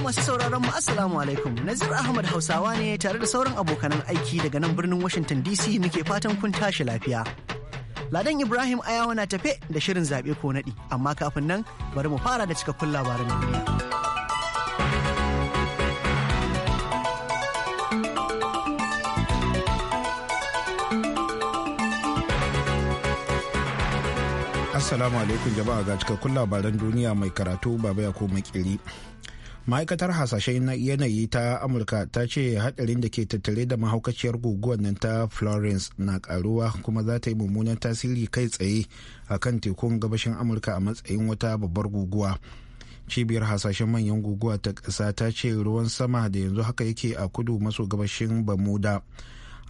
masu sauraron mu assalamu alaikum nazir ahmad hausawa ne tare da sauran abokanan aiki daga nan birnin washington dc muke fatan kun tashi lafiya ladan ibrahim ayawa na tafe da shirin zaɓe ko naɗi amma kafin nan bari mu fara da cikakkun labaran duniya Assalamu alaikum jama'a ga cikakkun labaran duniya mai karatu baba ya ko makiri. ma'aikatar hasashen yanayi ta amurka ta ce hadarin da ke tattare da mahaukaciyar guguwar nan ta florence na karuwa kuma za ta yi mummunan tasiri kai tsaye a kan tekun gabashin amurka a matsayin wata babbar guguwa cibiyar hasashen manyan guguwa ta ƙasa ta ce ruwan sama da yanzu haka yake a kudu maso gabashin bamuda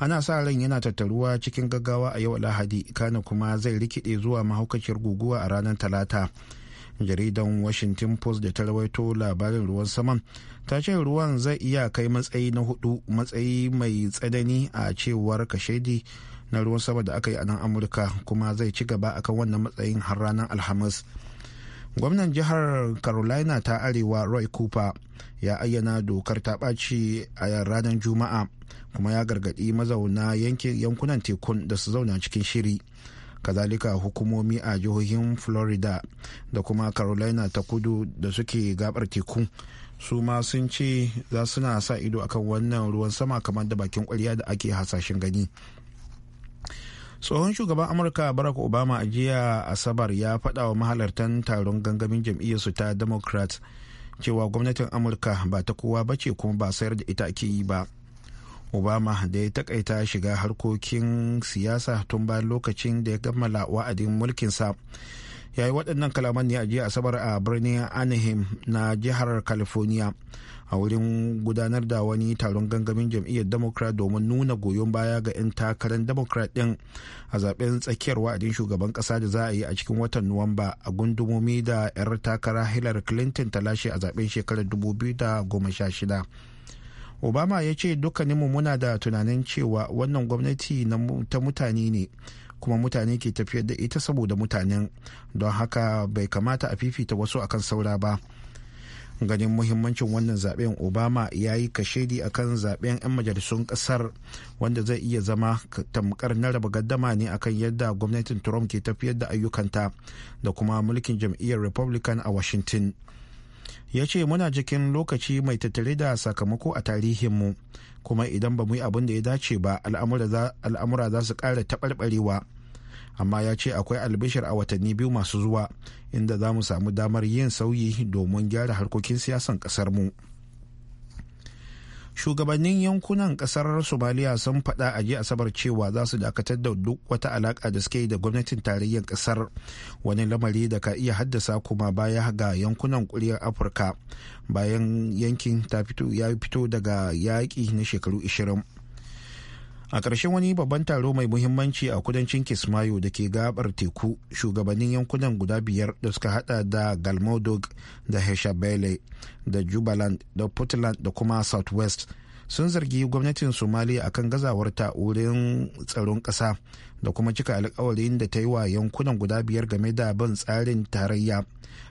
ana sa ran yana tattaruwa cikin gaggawa a yau lahadi kana kuma zai rikide zuwa mahaukaciyar guguwa a ranar talata jaridan washington post da ta rawaito labarin ruwan saman ta ce ruwan zai iya kai matsayi na hudu matsayi mai tsanani a cewar kashedi na ruwan sama da aka yi a nan amurka kuma zai ci gaba akan wannan matsayin har ranar alhamis gwamnan jihar carolina ta arewa roy cooper ya ayyana dokar ta ɓaci a ranar juma'a kuma ya gargaɗi mazauna yankunan tekun da su zauna cikin shiri kazalika hukumomi a jihohin florida da kuma carolina ta kudu da suke gabar teku su ma sun ce za suna sa ido akan wannan ruwan sama kamar da bakin kwarya da ake hasashen gani tsohon shugaban amurka barack obama a jiya asabar ya faɗa wa mahalartan taron gangamin jam'iyyarsu ta democrat cewa gwamnatin amurka ba ta kowa ba ce kuma ba sayar da ita ake yi ba obama da ya takaita shiga harkokin siyasa tun bayan lokacin da ya kammala wa'adin mulkinsa ya yi waɗannan kalaman ne a jiya asabar a birnin anaheim na jihar california a wurin gudanar da wani taron gangamin jam'iyyar democrat domin nuna goyon baya ga 'yan takarar democrat ɗin a zaɓen tsakiyar wa'adin shugaban ƙasa da za a yi a cikin watan nuwamba a gundumomi da 'yar takara hillary clinton ta lashe a zaɓen shekarar 2016 obama ya ce dukkaninmu muna da tunanin cewa wannan gwamnati ta mutane ne kuma mutane ke tafiyar da ita saboda mutanen don haka bai kamata a fifita wasu akan saura ba ganin muhimmancin wannan zaben obama ya yi kashedi akan zaben 'yan majalisun kasar wanda zai iya zama tamkar na raba gaddama ne akan yadda gwamnatin trump ke tafiyar da ayyukanta da kuma mulkin jam'iyyar republican a washington ya ce muna cikin lokaci mai tattare da sakamako a tarihinmu kuma idan ba mu yi abin da ya dace ba al'amura za su ƙara taɓarɓarewa amma ya ce akwai albishir a watanni biyu masu zuwa inda za mu samu damar yin sauyi domin gyara harkokin siyasan ƙasar mu shugabannin yankunan kasar somaliya sun faɗa a jiya asabar cewa za su dakatar da duk wata alaƙa da suke da gwamnatin tarayyar kasar wani lamari da ka iya haddasa kuma baya ga yankunan kuriyar afirka bayan yankin ta fito ya fito daga yaƙi na shekaru 20 a ƙarshen wani babban taro mai muhimmanci a kudancin kismayo da ke gabar teku shugabannin yankunan guda biyar da suka hada da galmodog da heshabele da jubaland da puntland da kuma southwest sun zargi gwamnatin somaliya akan gazawarta wurin tsaron ƙasa da kuma cika alkawarin da ta yi wa yankunan guda biyar game da bin tsarin tarayya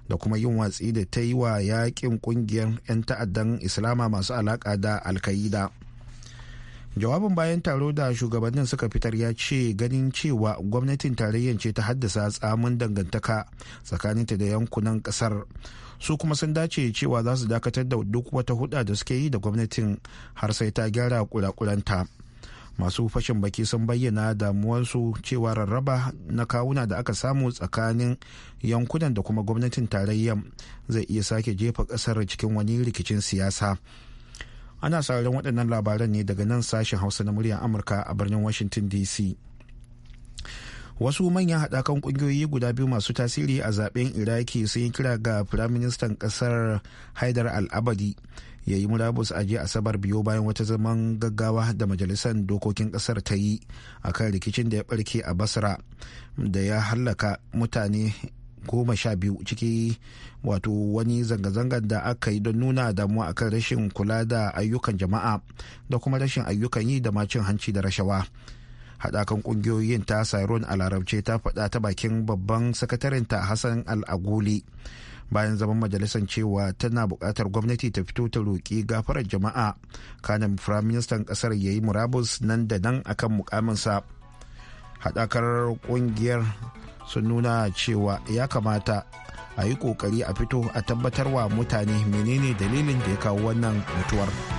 da kuma yin watsi da ta yi wa yaƙin ƙungiyar 'yan ta'addan islama masu alaƙa da alkaida. jawabin bayan taro da shugabannin suka fitar ya ce ganin cewa gwamnatin tarayyar ce ta haddasa tsamin dangantaka tsakaninta da yankunan kasar su kuma sun dace cewa za su dakatar da duk wata hudda da suke yi da gwamnatin har sai ta gyara kurakuranta masu fashin baki sun bayyana damuwarsu cewa rarraba na kawuna da aka samu tsakanin yankunan da kuma gwamnatin tarayyar zai iya sake jefa kasar cikin wani rikicin siyasa. ana sauraron waɗannan labaran ne daga nan sashen hausa na muryar amurka a birnin washington dc wasu manyan haɗakan ƙungiyoyi guda biyu masu tasiri a zaben iraki sun yi kira ga firaministan ƙasar haidar al'abadi ya yi murabus a jiya asabar biyo bayan wata zaman gaggawa da majalisar dokokin ƙasar ta yi a kan rikicin da ya ɓarke a basra da ya hallaka mutane goma sha biyu ciki wato wani zanga-zangar da aka yi don nuna damuwa akan rashin kula da ayyukan jama'a da kuma rashin ayyukan yi da macin hanci da rashawa haɗakan ƙungiyoyin ta siron a larabce ta faɗa ta bakin babban sakatarinta hassan al'aguli bayan zaman majalisar cewa tana buƙatar gwamnati ta fito ta roƙi gafarar jama'a kanin firaministan ƙasar ya yi murabus nan da nan akan mukaminsa. haɗakar ƙungiyar sun nuna cewa ya kamata a yi ƙoƙari a fito a tabbatarwa mutane menene dalilin da ya kawo wannan mutuwar.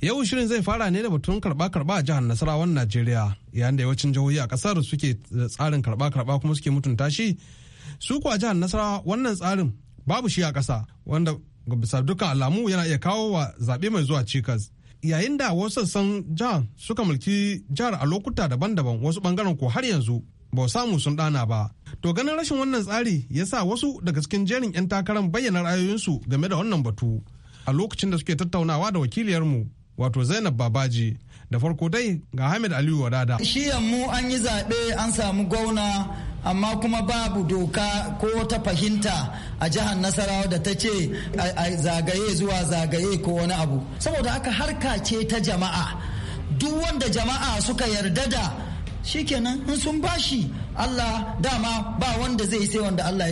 Yau shirin zai fara ne da batun karba-karba a jihar Nasarawan Najeriya yayin da yawancin jihohi a kasar suke eh, tsarin karba-karba kuma suke mutunta shi. Su kuwa jihar Nasarawa wannan tsarin babu shi a kasa. wanda bisa duka alamu yana iya kawo wa zaɓe mai zuwa cikas. Yayin da wasu sassan jihar suka mulki jihar a lokuta daban-daban wasu bangaren ko har yanzu ba samu sun dana ba. To ganin rashin wannan tsari ya sa wasu daga cikin jerin 'yan takarar bayyana ra'ayoyinsu game da wannan batu a lokacin da suke tattaunawa da wakiliyarmu wato zainab babaji da farko dai ga hamid aliyu wadada shiyan mu an yi zaɓe an samu gwauna amma kuma babu doka ko ta fahimta a jihar nasarawa da ta ce a zagaye zuwa zagaye ko wani abu saboda aka harka ce ta jama'a duk wanda jama'a suka yarda da shikenan in sun bashi Allah dama ba wanda zai sai wanda Allah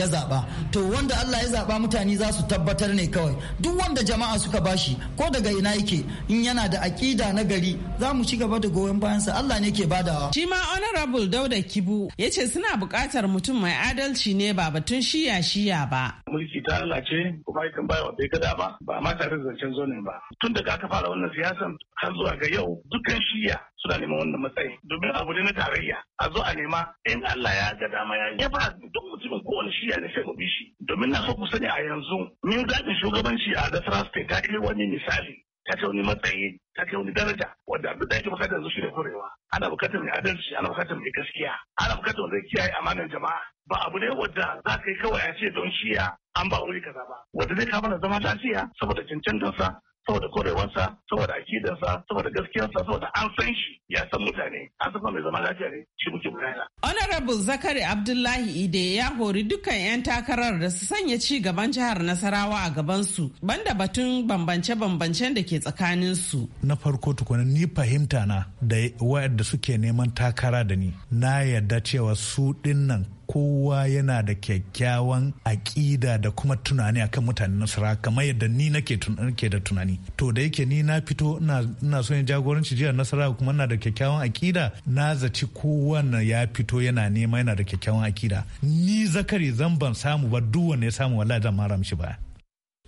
ya zaba to wanda Allah ya zaba mutane za su tabbatar ne kawai duk wanda jama'a suka bashi ko daga ina yake in yana da akida na gari za mu ci gaba da goyon bayansa Allah ne ke badawa shi ma honorable Dauda Kibu ya ce suna buƙatar mutum mai adalci ne ba batun shiya shiya ba mulki ta Allah ce kuma yakan bayar bai gada ba ba ma tare da zancen zonin ba tun daga aka fara wannan siyasan har zuwa ga yau dukkan shiya suna neman wannan matsayi domin abu ne na tarayya a zo a nema in Allah ya ga dama ya yi ba duk mutumin kowane shi ne sai mu bi shi domin na so ku sani a yanzu min zaɓin shugabanci a Nasarawa State ta kai wani misali ta kai wani matsayi ta kai wani daraja wanda abu da ake bukatar yanzu shi ne kurewa ana bukatar mai adalci ana bukatar mai gaskiya ana bukatar wanda kiyaye amanar jama'a ba abu ne wanda za ka yi kawai a ce don shiya an ba wuri kaza ba wanda zai kama na zama ta lafiya saboda cancantarsa saboda korewansa saboda akidansa saboda gaskiyarsa saboda an san shi ya san mutane an san mai zama lafiya ne shi muke bayana. honorable zakari abdullahi ide ya hori dukkan 'yan takarar da su sanya ci gaban jihar nasarawa a gabansu banda batun bambance-bambancen da ke tsakanin su. na farko tukuna ni fahimta na da wayar da suke neman takara da ni na yarda cewa su dinnan kowa yana da kyakkyawan aƙida da kuma tunani akan mutanen nasara kamar yadda ni nake ke da tunani to da yake ni na fito ina so yin jagoranci jiya nasara kuma na da kyakkyawan aƙida na zaci kowanne ya fito yana nema yana da kyakkyawan aƙida ni zakari zan ban samu ba duk ya samu wallahi zan mara mishi ba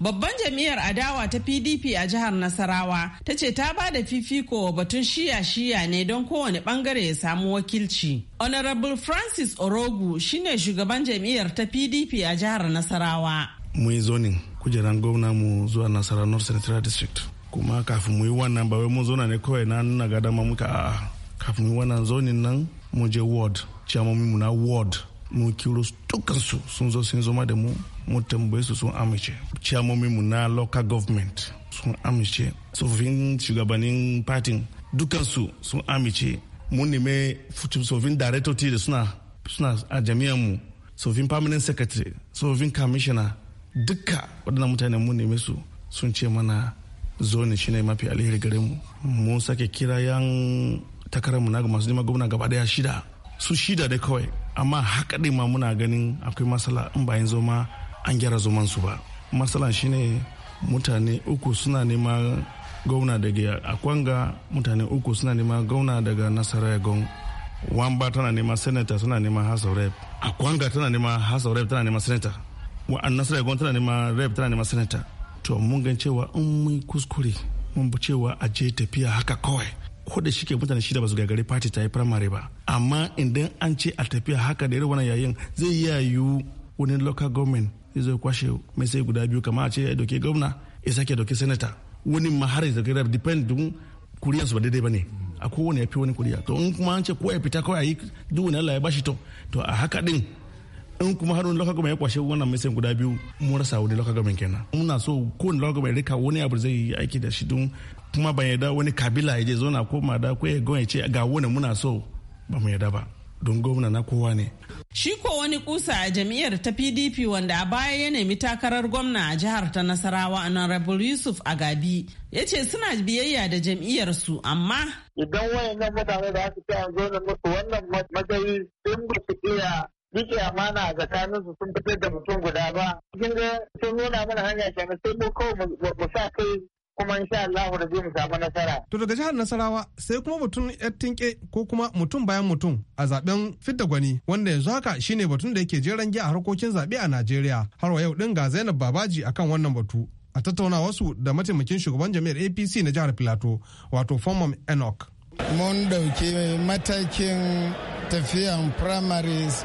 Babban jam'iyyar adawa ta PDP a jihar Nasarawa ta ce ta ba da fifiko batun shiya-shiya ne don kowane bangare ya samu wakilci. Honorable Francis Orogu shine shugaban jam'iyyar ta PDP a jihar Nasarawa. Mu yi zonin kujeran gwamna mu zuwa Nasarawa North Central District. Kuma kafin mu yi wannan ba wai mun zona ne kawai na nuna gada muka a kafin mu yi wannan zonin nan mu je ward, ciyamomin mu na ward mu kiro dukansu sun zo sun zama da mu mu tambaye su sun amince ciyamomin mu na local government sun amince tsofin shugabannin patin dukansu sun amince mun neme tsofin director da suna suna a jami'an mu tsofin permanent secretary tsofin commissioner duka waɗannan mutane mu neme su sun ce mana zone shine mafi alheri gare mu mu sake kira yan takararmu na masu neman gwamna gaba daya shida su shida da kawai amma haka ɗin ma muna ganin akwai matsala in bayan zoma an gyara zoman su ba matsalan shine mutane uku suna nema gauna daga akwanga mutane uku suna nema gauna daga ya gon wamba tana nema senator tana nema house of rep akwanga tana nema house of rep tana nema senator nasara ya gon tana nema rep tana nema senator to mun gan cewa in mun kuskure mun bi cewa a je tafiya haka kawai ko da shike mutane shida ba su gagari party ta yi primary ba amma idan an ce a tafiya haka da irin wannan yayin zai iya yiwu wani local government zai zo kwashe mai sai guda biyu kama a ce ya doke gwamna ya sake doke senator wani ma har da doke depend kuriyar su ba daidai ba ne a kowane ya fi wani kuriya to in kuma an ce ko ya fita kawai a yi duk wani Allah ya bashi to to a haka din in kuma har wani local government ya kwashe wannan mai guda biyu mun rasa wani local government kenan muna so ko wani local government rika wani abu zai yi aiki da shi don kuma ban yarda wani kabila ya je zauna ko mada ko ya gwamnati ce ga wani muna so ba mu yarda ba don gwamna na kowa ne. Shi ko wani kusa a jam'iyyar ta PDP wanda a baya ya nemi takarar gwamna a jihar ta Nasarawa Honorable Yusuf Agabi ya ce suna biyayya da jam'iyyar su amma. Idan wayannan mutane da aka ce an zo musu wannan matsayi sun ba su iya rike amana a tsakanin su sun fitar da mutum guda ba kin ga sun nuna mana hanya na sai mu kawai mu sa kai kuma insha Allah mu mu samu nasara to daga jihar Nasarawa sai kuma mutum yar tinke ko kuma mutum bayan mutum a zaben fidda gwani wanda yanzu haka shine batun da yake jeran giya a harkokin zabe a Najeriya har wa yau din ga Zainab Babaji akan wannan batu a tattauna wasu da mataimakin shugaban jami'ar APC na jihar Filato wato Formam Enoch mun dauki matakin tafiyan primaries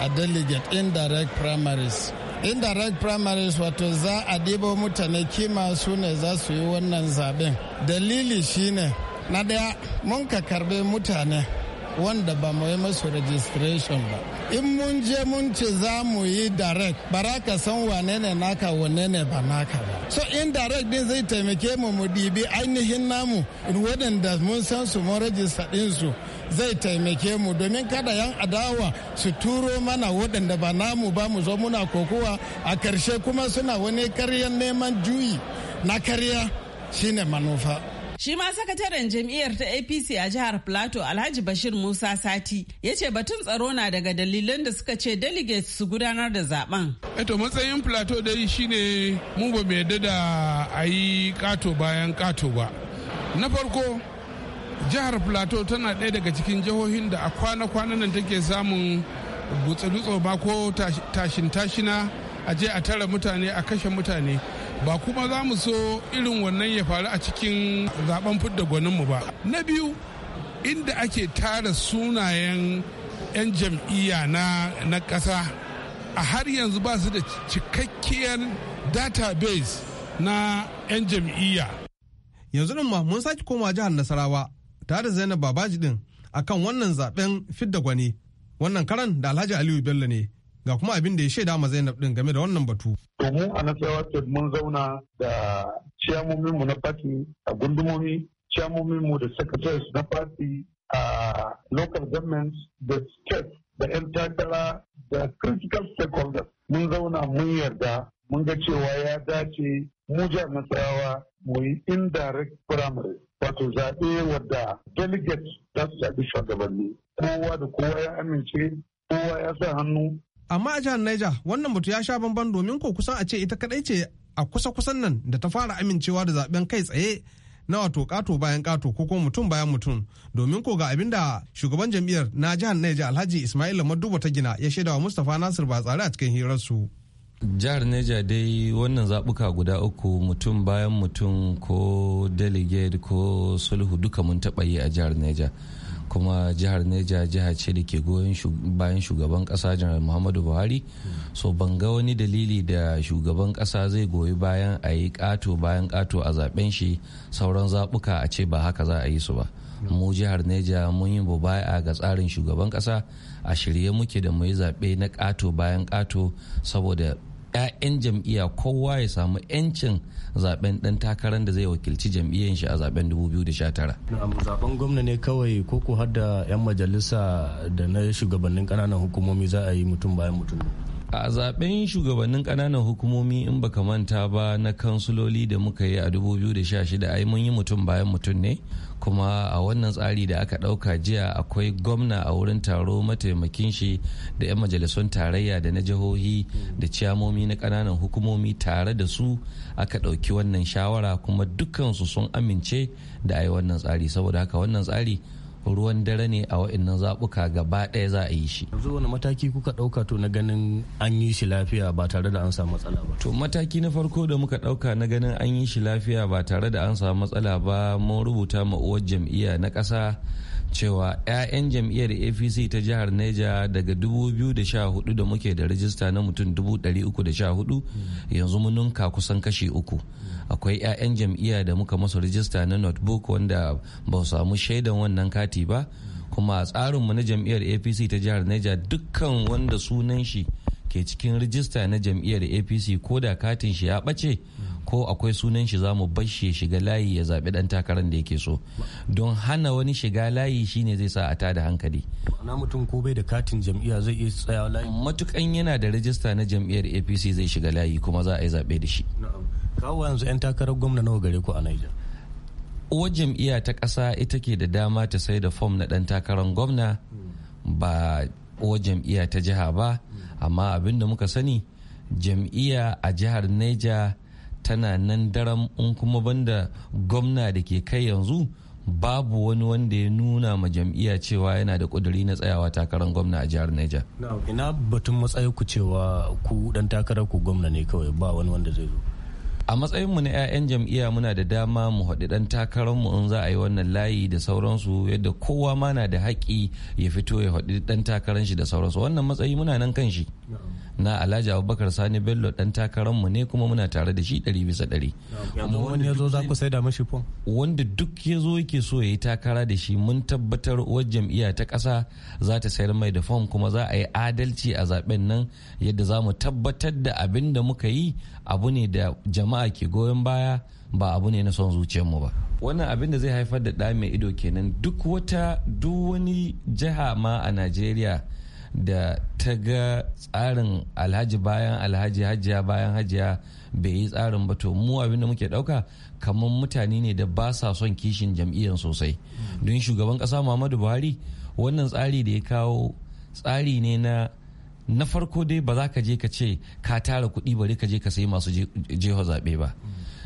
a delegate indirect primaries indirect primaries wato za a ɗibo mutane kima su ne za su yi wannan zaben dalili shine na daya mun ka karbe mutane wanda ba mu yi masu registration ba in mun je mun ce za mu yi direct bara ka san wane ne naka wane ne ba naka ba so indirect din zai taimake mu mu dibi ainihin namu waɗanda mun san su mun rajista ɗinsu zai taimake mu domin kada yan adawa su turo mana waɗanda ba namu ba mu zo muna kokowa a ƙarshe kuma suna wani karyar neman juyi na karya shine manufa. Shi ma sakataren jam'iyyar ta APC a jihar Plateau Alhaji Bashir Musa Sati ya ce batun tsaro na daga dalilan da suka ce delegates su gudanar da zaben. Eto eh matsayin Plateau dai shine mu ba yadda da a yi kato bayan kato ba. Na farko jihar plateau tana ɗaya daga cikin jihohin da a kwana kwana nan take samun gutsu dutsa ba ko tashin tashina a je a tara mutane a kashe mutane ba kuma za mu so irin wannan ya faru a cikin zaben fidda gwaninmu ba na biyu inda ake tara sunayen 'yan jam'iyya na ƙasa a har yanzu ba su da cikakkiyar database na 'yan jam'iyya yanzu nan ma mun sake koma jihar nasarawa tare da zainab babaji din akan wannan zaben fidda gwani wannan karan da alhaji aliyu bello ne ga kuma abin da ya shaida ma zainab din game da wannan batu. to mu a nasarawa ce mun zauna da ciyamomin mu na party a gundumomi ciyamomin mu da secretaries na party a local governments da state da 'yan takara da critical stakeholders mun zauna mun yarda mun ga cewa ya dace mu jami'an nasarawa mu yi indirect primary wato zaɓe wadda delegates za su zaɓi shugabanni kowa da kowa ya amince kowa ya sa hannu. Amma a jihar Niger wannan batu ya sha bamban domin ko kusan a ce ita kaɗai ce a kusa kusan nan da ta fara amincewa da zaɓen kai tsaye na wato kato bayan kato ko kuma mutum bayan mutum domin ko ga abin da shugaban jam'iyyar na jihar Niger Alhaji Ismail Maduba ta gina ya shaidawa Mustapha Nasir ba tsare a cikin hirarsu. jihar neja dai wannan zabuka guda uku mutum bayan mutum ko delegate ko sulhu duka mun taɓa yi a jihar neja kuma jihar neja jiha ce da ke goyon bayan shugaban kasa janar muhammadu buhari so ban ga wani dalili da shugaban kasa zai goyi bayan a yi kato bayan kato a zaben shi sauran zabuka a ce ba haka za a yi su ba mu jihar neja mun yi baya ga tsarin shugaban kasa a shirye muke da mu yi zaɓe na kato bayan kato saboda 'ya'yan jam'iyya kowa ya samu 'yancin zaben dan takarar da zai wakilci jam'iyyar shi a zaben 2019. Na'am zaben gwamna ne kawai ko ko har da 'yan majalisa da na shugabannin kananan hukumomi za a yi mutum bayan mutum. A zaben shugabannin kananan hukumomi in baka manta ba na kansuloli da muka yi a 2016 ai mun yi mutum bayan mutum ne kuma a wannan tsari da aka ɗauka jiya akwai gwamna a wurin taro mataimakin shi da 'yan majalisun tarayya da na jihohi da ciyamomi na ƙananan hukumomi tare da su aka ɗauki wannan shawara kuma dukkansu sun amince da a yi wannan tsari saboda haka wannan tsari ruwan dare ne a wa'annan zaɓuka gaba ɗaya za a yi shi. yanzu wani mataki kuka ɗauka to na ganin an yi shi lafiya ba tare da an samu matsala ba. to mataki na farko da muka ɗauka na ganin an yi shi lafiya ba tare da an samu matsala ba mun rubuta ma uwar jam'iyya na ƙasa cewa 'ya'yan jam'iyyar apc ta jihar neja daga 2014 da muke da rajista na mutum 314 yanzu mun nunka kusan kashi uku akwai 'ya'yan jam'iyya da muka masa rajista na notebook wanda ba samu shaidan wannan kati ba kuma a tsarinmu na jam'iyyar apc ta jihar neja dukkan wanda sunan shi ke cikin rijista na jam'iyyar apc ko da katin shi ya ɓace ko akwai sunan shi za mu bashi shiga layi ya zaɓi ɗan takarar da yake so don hana wani shiga layi shine zai sa a ta da hankali na mutum ko bai da katin jam'iyya zai iya tsayawa layi matukan yana da rajista na jam'iyyar apc zai shiga layi kuma za a yi zaɓe da shi kawo yanzu 'yan takarar gwamna nawa gare ku a niger Uwa jam'iyya ta ƙasa ita ke da dama ta sai da fom na ɗan takarar gwamna hmm. ba uwa jam'iyya ta jiha ba hmm. amma abin da muka sani jam'iyya a jihar Niger. tana nan daram in kuma banda gwamna da ke kai yanzu babu wani wanda ya nuna ma jam'iyya cewa yana da kuduri na tsayawa takarar gwamna a jihar Niger. Ina batun matsayi ku cewa ku dan takarar ku gwamna ne kawai ba wani wanda zai zo. A matsayin mu na 'ya'yan jam'iyya muna da dama mu haɗu dan takarar mu in za a yi wannan layi da sauransu yadda kowa ma na da haƙi ya fito ya haɗu dan takarar shi da sauransu wannan matsayi muna nan kan shi. na alhaji abubakar sani bello dan takararmu ne kuma muna tare da shi ɗari bisa ɗari wani ya zo za ku mashi fom wanda duk ya zo yake so ya yi takara da shi mun tabbatar wa jam'iyya ta ƙasa za ta sayar mai da fom kuma za a yi adalci a zaben nan yadda za mu tabbatar da abin da muka yi abu ne da jama'a ke goyon baya ba abu ne na son zuciyarmu ba wannan abin da zai haifar da ɗa mai ido kenan duk wata duk wani jiha ma a najeriya da ta ga tsarin alhaji bayan alhaji hajiya bayan hajiya bai yi tsarin ba to mu abinda muke dauka kamar mutane ne da ba sa son kishin jam'iyyar sosai don shugaban kasa muhammadu buhari wannan tsari da ya kawo tsari ne na na farko dai ba za ka je ka ce ka tara kuɗi bari ka je ka sayi masu jeho zaɓe ba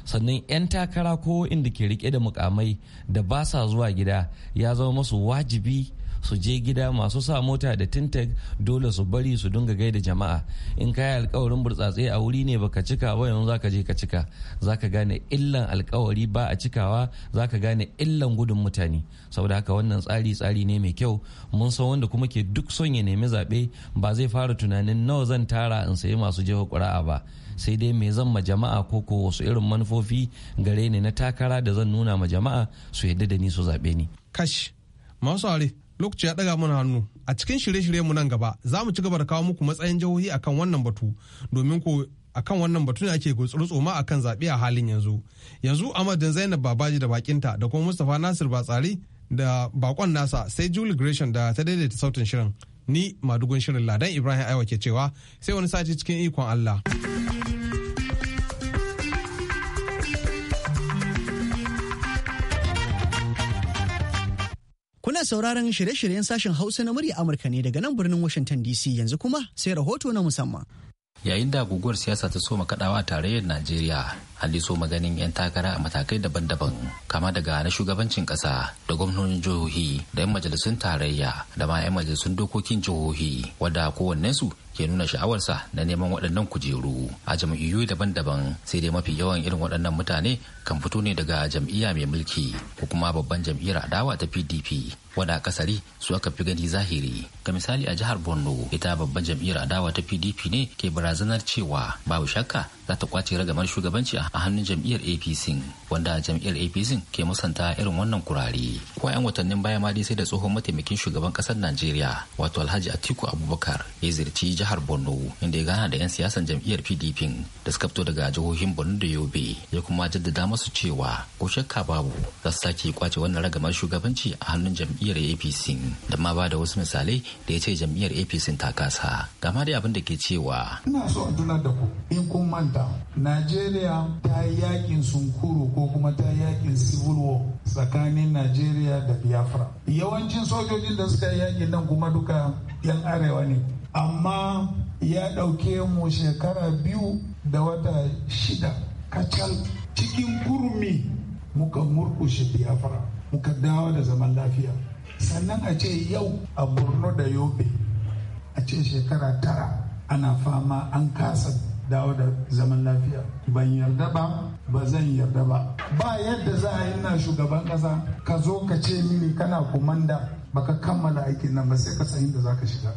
sannan 'yan takara ko inda ke rike da mukamai da ba sa zuwa gida ya zama masu wajibi su je gida masu sa mota da tintek dole su bari su dinga gaida jama'a in kayi alkawarin burtsatse a wuri ne baka cika ba yanzu zaka je ka cika zaka gane illan alkawari ba a cikawa zaka gane illan gudun mutane saboda haka wannan tsari tsari ne mai kyau mun san wanda kuma ke duk son ya nemi zaɓe ba zai fara tunanin nawa zan tara in sayi masu jefa kura'a ba sai dai mai zan ma jama'a ko ko wasu irin manufofi gare ni na takara da zan nuna ma jama'a su yadda da ni su zaɓe ni. Kash, masu aure. lokaci ya ɗaga mana hannu a cikin shirye-shiryenmu nan gaba za mu ci gaba da kawo muku matsayin jihohi akan wannan batu domin ko akan wannan batu ne ake tsoma akan zaɓe a halin yanzu yanzu amadin zainab babaji da bakinta da kuma mustapha nasir batsari da bakon nasa sai julie gresham da ta daidaita sautin shirin ni madugun shirin ladan ibrahim aiwa ke cewa sai wani sati cikin ikon allah Kuna sauraron shirye-shiryen sashen Hausa na murya Amurka ne daga nan birnin Washington DC yanzu kuma sai rahoto na musamman. Yayin da guguwar siyasa ta soma kaɗawa a tarayyar Najeriya, hali so maganin 'yan takara a matakai daban-daban kama daga na shugabancin kasa da gwamnonin jihohi da 'yan majalisun tarayya da ma 'yan majalisun dokokin jihohi wadda su. ke nuna sha'awarsa na neman waɗannan kujeru a jam'iyyu daban-daban sai dai mafi yawan irin waɗannan mutane kan fito ne daga jam'iyya mai mulki ko kuma babban jam'iyyar adawa ta pdp wadda kasari su aka fi gani zahiri ga misali a jihar borno ita babban jam'iyyar adawa ta pdp ne ke barazanar cewa babu shakka za ta kwace ragamar shugabanci a hannun jam'iyyar apc wanda jam'iyyar apc ke musanta irin wannan kurare ko yan watannin baya ma dai sai da tsohon mataimakin shugaban kasar najeriya wato alhaji atiku abubakar ya zirci jihar borno inda ya gana da yan siyasan jam'iyyar pdp da suka fito daga jihohin borno da yobe ya kuma jaddada masu cewa ko shakka babu za su sake kwace wannan ragamar shugabanci a hannun jam'iyyar apc da ma ba da wasu misalai da ya ce jam'iyyar apc ta kasa ga ma dai abin da ke cewa ina so a tunar da ku in kun ta nigeria ta yi yakin sunkuru ko kuma ta yi yakin civil war tsakanin Najeriya da biafra yawancin sojojin da suka yi yakin nan kuma duka yan arewa ne amma ya ɗauke mu shekara biyu da wata shida kacal cikin kurmi muka murkushe biafra muka dawo da zaman lafiya sannan a ce yau a borno da yobe a ce shekara tara ana fama an kasa dawo da zaman lafiya ban yarda ba ba zan yarda ba ba yadda za a yi na shugaban kasa ka zo ka ce mini kana kumanda baka kammala aikin nan ba sai ka san inda za ka shiga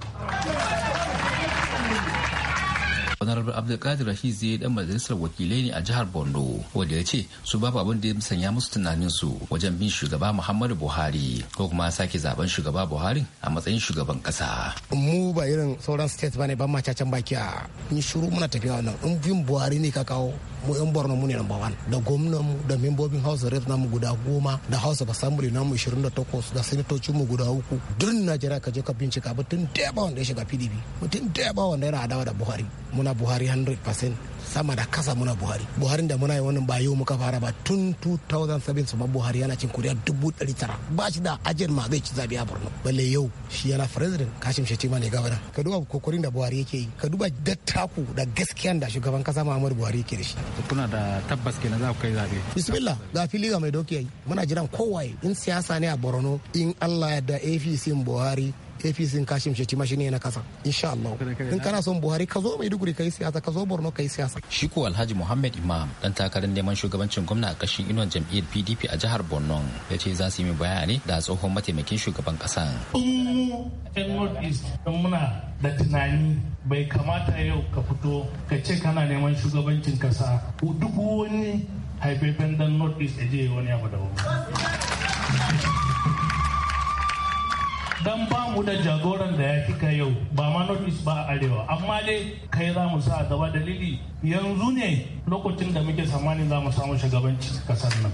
honorable abdulkadir rashid zai dan majalisar wakilai ne a jihar bondo wanda ya ce su babu abin da ya sanya musu tunanin su wajen bin shugaba muhammadu buhari ko kuma sake zaben shugaba buhari a matsayin shugaban kasa mu ba irin sauran state bane ban ma baki a ni shiru muna tafiya wannan in bin buhari ne ka kawo mu yan borno mu ne number one da gwamnan mu da membobin house of namu guda goma da house of assembly namu 28 da sanatocin mu guda uku duk najeriya ka je ka bincika mutum da wanda ya shiga pdp mutum da wanda yana adawa da buhari muna buhari 100% sama da kasa muna buhari buhari da muna yi wannan ba yau muka fara ba tun 2007 su ma buhari yana cin kuriya dubu ɗari tara ba shi da ajiyar ma zai ci zabi a borno balle yau shi yana president kashim shetima ne gabana ka duba kokarin da buhari yake yi ka duba dattaku da gaskiya da shugaban kasa muhammadu buhari yake da shi kuna da tabbas kenan za ku kai zabe bismillah ga fili ga mai doki muna jiran kowaye in siyasa ne a borno in allah ya da apc buhari apc kashim shetima ne na kasa insha Allah in kana son buhari ka zo maiduguri kai siyasa ka zo borno kai siyasa shi ko alhaji muhammad imam dan takarar neman shugabancin gwamna a kashin inon jam'iyyar pdp a jihar borno ya ce za su yi bayani da tsohon mataimakin shugaban kasa yan north east muna da tunani bai kamata yau ka fito ka ce kana neman shugabancin kasa duk wani haifafen dan north east ya je wani abu daban dan ba mu da jagoran da ya kika yau ba ma notice ba a arewa amma dai kai za mu sa gaba dalili yanzu ne lokacin da muke tsammanin za mu samu shugabancin kasar nan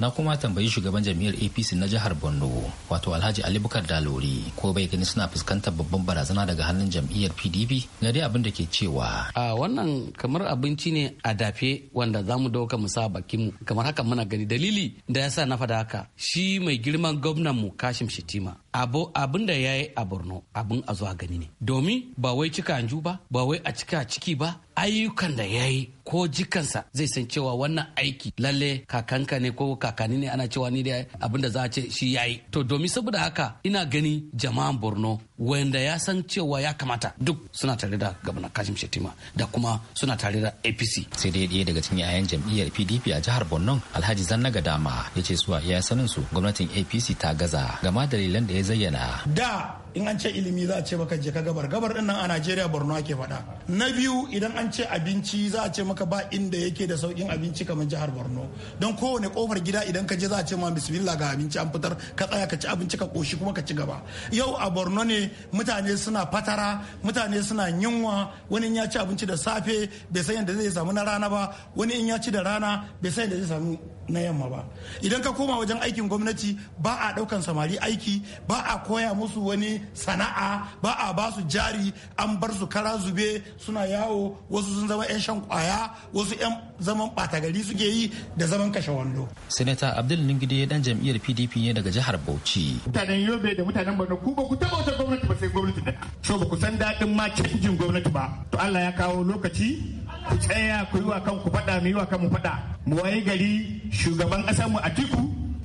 na kuma tambayi shugaban jam'iyyar apc na jihar borno wato alhaji ali bukar dalori ko bai gani suna fuskantar babban barazana daga hannun jam'iyyar pdp ga dai abin da ke cewa a wannan kamar abinci ne a dafe wanda zamu dauka mu sa bakinmu kamar haka muna gani dalili da ya sa na fada haka shi mai girman gwamnan mu kashim shitima abin da ya yi a borno abin a zuwa gani ne domin ba wai cika anju ba ba wai a cika ciki ba ayyukan da ya yi ko jikansa zai san cewa wannan aiki lalle kakanka ne ko kakanni ne ana cewa ni da abin da za a ce shi ya yi to domin saboda haka ina gani jama'an borno wanda ya san cewa ya kamata duk suna tare da gabana kashim shetima da kuma suna tare da apc sai dai ɗaya daga cikin yayan jam'iyyar pdp a jihar borno alhaji zannaga dama ya ce suwa ya sanin su gwamnatin apc ta gaza gama dalilan da ya ya zayyana. Da in an ce ilimi za a ce maka je ka gabar gabar din nan a Najeriya Borno ake faɗa. Na biyu idan an ce abinci za a ce maka ba inda yake da saukin abinci kamar jihar Borno. Don kowane kofar gida idan ka je za a ce ma bismillah ga abinci an fitar ka tsaya ka ci abinci ka koshi kuma ka ci gaba. Yau a Borno ne mutane suna fatara mutane suna yunwa wani in ya ci abinci da safe bai san yadda zai samu na rana ba wani in ya ci da rana bai san yadda zai samu na yamma ba idan ka koma wajen aikin gwamnati ba a daukan samari aiki ba a koya musu wani sana'a ba a ba su jari an bar su kara zube suna yawo wasu sun zama 'yan shan kwaya wasu 'yan zaman batagari suke yi da zaman kashe wando senator abdul ningide dan jam'iyyar pdp ne daga jihar bauchi mutanen yobe da mutanen borno ku ba ku taba wata gwamnati ba sai gwamnati da so ba ku san daɗin ma canjin gwamnati ba to allah ya kawo lokaci ku tsaya ku yi wa kanku faɗa mu yi wa mu faɗa mu waye gari shugaban ƙasarmu a tiku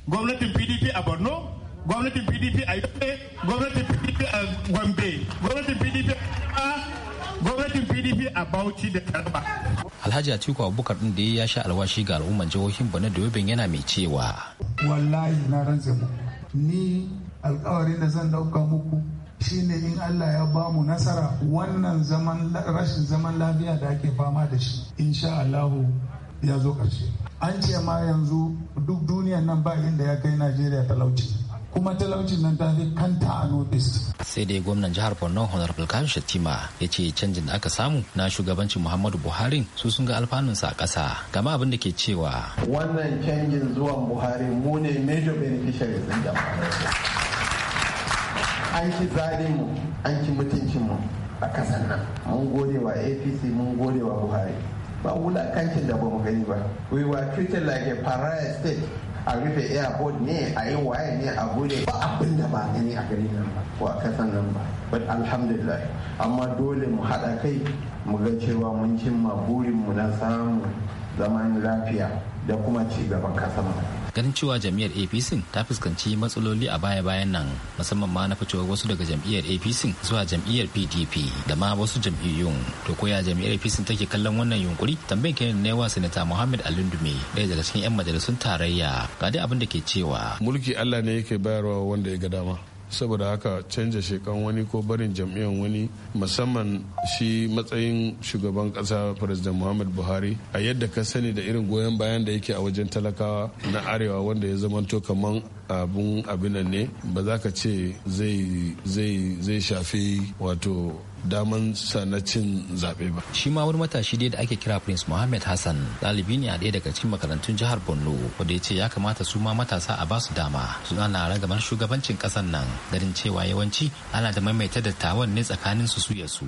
gwamnatin pdp a borno gwamnatin pdp a yobe gwamnatin pdp a gombe gwamnatin pdp a gwamnatin pdp a bauchi da Taraba. alhaji atiku abubakar din da ya sha alwashi ga al'umman jihohin borno da Yobe yana mai cewa wallahi na rantse muku ni alƙawarin da zan dauka muku shine in Allah ya ba mu nasara wannan zaman rashin zaman lafiya da ake fama da shi insha Allah ya zo ƙarshe an ce ma yanzu duk duniyan nan ba inda ya kai Najeriya talauci kuma talaucin nan ta fi kanta a notice. sai dai gwamnan jihar borno honorable kawai shatima ya ce canjin da aka samu na shugabancin muhammadu buhari su sun ga alfanunsa a ƙasa gama abin da ke cewa wannan canjin zuwan buhari mu ne major beneficiary din jama'a an ci mu an ci mu a ƙasar nan mun gode wa apc mun gode wa buhari ba wula kankin da ba mu gani ba we were treated like a pariah state a rufe airport ne a yi waye ne a gode ba abin da ba gani a gari nan ba ko a ƙasar nan ba but alhamdulillah amma dole mu haɗa kai mu ga cewa mun cimma burin mu na samun zaman lafiya da kuma ci gaban kasar mu ganin cewa jam'iyyar apc ta fuskanci matsaloli a baya-bayan nan musamman ma na ficewar wasu daga jam'iyyar apc zuwa jam'iyyar pdp da ma wasu jam'iyyun to koya jam'iyyar apc take kallon wannan yunkuri tambayin kenan ne wa sanata muhammad alindume ɗaya daga cikin 'yan majalisun tarayya ga dai abin da ke cewa mulki allah ne yake bayarwa wanda ya ga dama saboda haka canza shekan wani ko barin jam'iyyar wani musamman shi matsayin shugaban kasa president muhammad buhari a yadda ka sani da irin goyon bayan da yake a wajen talakawa na arewa wanda ya zamanto kaman abun abinan ne ba za ka ce zai shafi wato daman na cin zaɓe ba. Shi ma wani matashi dai da ake kira Prince Mohammed Hassan ɗalibi ne a ɗaya daga cikin makarantun jihar Borno wanda ya ce ya kamata su ma matasa a basu dama su ana ragamar shugabancin ƙasar nan garin cewa yawanci ana da maimaita dattawan ne tsakanin su suya su.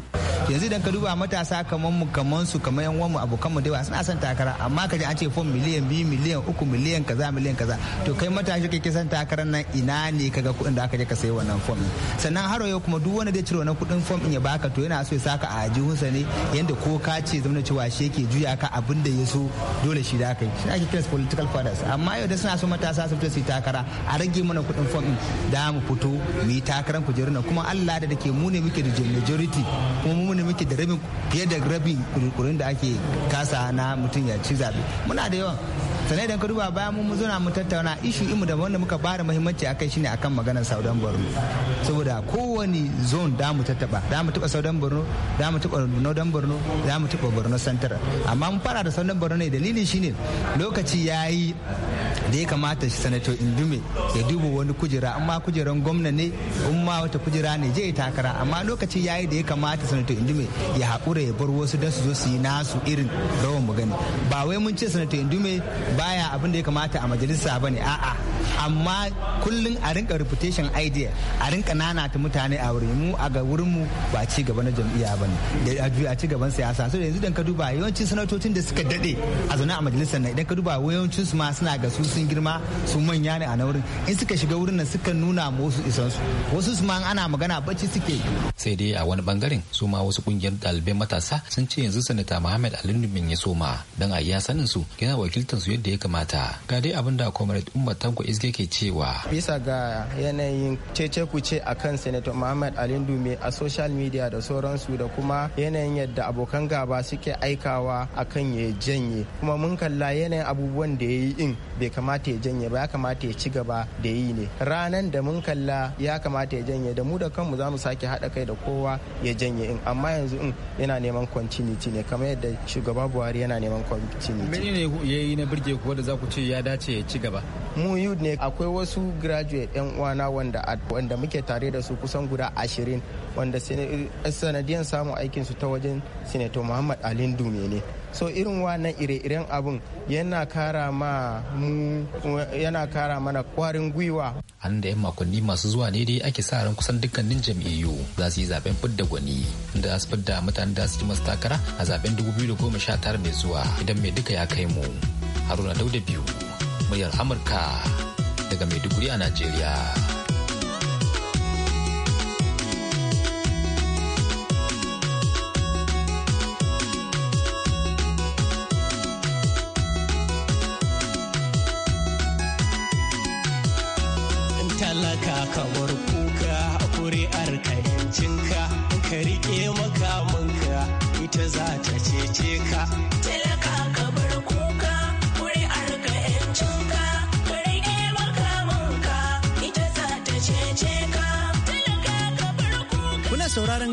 Yanzu idan ka duba matasa kamar mu kamar su kamar yan uwan mu abokan mu da suna son takara amma ka ji an ce fom miliyan biyu miliyan uku miliyan kaza miliyan kaza to kai matashi kake kisan. takarar nan ina ne kaga kuɗin da aka je ka sayi wannan fom sannan har yau kuma duk wanda zai cire wannan kuɗin fom in ya baka to yana so ya saka a sa ne yanda ko ka ce zama cewa shi yake juya ka abin da ya so dole shi da aka yi shi ake political fathers amma yau da suna so matasa su fita su yi takara a rage mana kuɗin fom ɗin da mu fito mu yi takarar kujeru na kuma Allah da dake mu ne muke da majority kuma mu ne muke da rabin fiye da rabin kurkurin da ake kasa na mutum ya ci zabe muna da yawan sanai da ka bayan mun zo na mu tattauna ishu imu da wanda muka bada muhimmanci akai shine akan maganar saudan borno saboda kowani zone da mu tattaba da mu tuba saudan borno da mu tuba northern borno da mu tuba borno center amma mun fara da saudan borno ne dalilin shine lokaci yayi da ya kamata shi sanato indume ya duba wani kujera amma kujeran gwamna ne umma wata kujera ne je takara amma lokaci yayi da ya kamata sanato indume ya hakura ya bar wasu don su zo su yi nasu irin rawan magani ba wai mun ce sanato indume baya abin da ya kamata a majalisa ba ne a'a amma kullum a rinka reputation idea a rinka nanata mutane a wuri mu a ga wurin mu ba ci gaba na jam'iyya ba ne da a ci gaban siyasa so yanzu dan ka duba yawancin sanatocin da suka dade a zaune a majalisar nan idan ka duba yawancin su ma suna ga su sun girma su manya ne a na wurin in suka shiga wurin nan suka nuna ma wasu isan su wasu su ma ana magana bacci suke sai dai a wani bangaren su ma wasu kungiyar dalibai matasa sun ce yanzu sanata Muhammad alinu Numin ya soma dan a iya sanin su yana wakiltar su yadda yadda ya kamata ga dai abin da komar umar tanko izge ke cewa bisa ga yanayin cece kuce kan senator muhammad alindu mai a social media da sauransu da kuma yanayin yadda abokan gaba suke aikawa a kan ya janye kuma mun kalla yanayin abubuwan da ya yi in bai kamata ya janye ba ya kamata ya ci gaba da yi ne ranan da mun kalla ya kamata ya janye da mu da kanmu za mu sake haɗa kai da kowa ya janye in amma yanzu in yana neman continuity ne kamar yadda shugaba buhari yana neman continuity ne ya yi na birge kuwa da za ku ce ya dace ya ci gaba mu ne akwai wasu graduate yan uwana wanda wanda muke tare da su kusan guda ashirin wanda eh, sanadiyan samun aikin su ta wajen sinato muhammad alin dume ne so irin wannan ire-iren abun yana kara mana kwarin gwiwa an da yan makonni masu zuwa ne dai ake sa ran kusan dukkanin jam'iyyu za su yi zaben fidda gwani da su fidda mutanen da su ji masu takara a zaben 2019 mai zuwa idan mai duka ya kai mu haruna dauda biyu muryar amurka daga maiduguri a najeriya talaka kamar kuka kuri'ar kayancinka ka riƙe makamanka ita za ta cece ka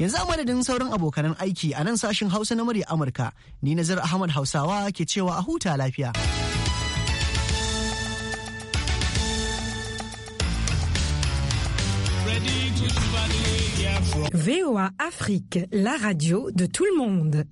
Yanzu a madadin sauran abokanan aiki a nan sashin Hausa na murya Amurka, ni Nazar Ahmad Hausawa ke cewa a huta lafiya. VOA Afrique, la radio de tout le monde.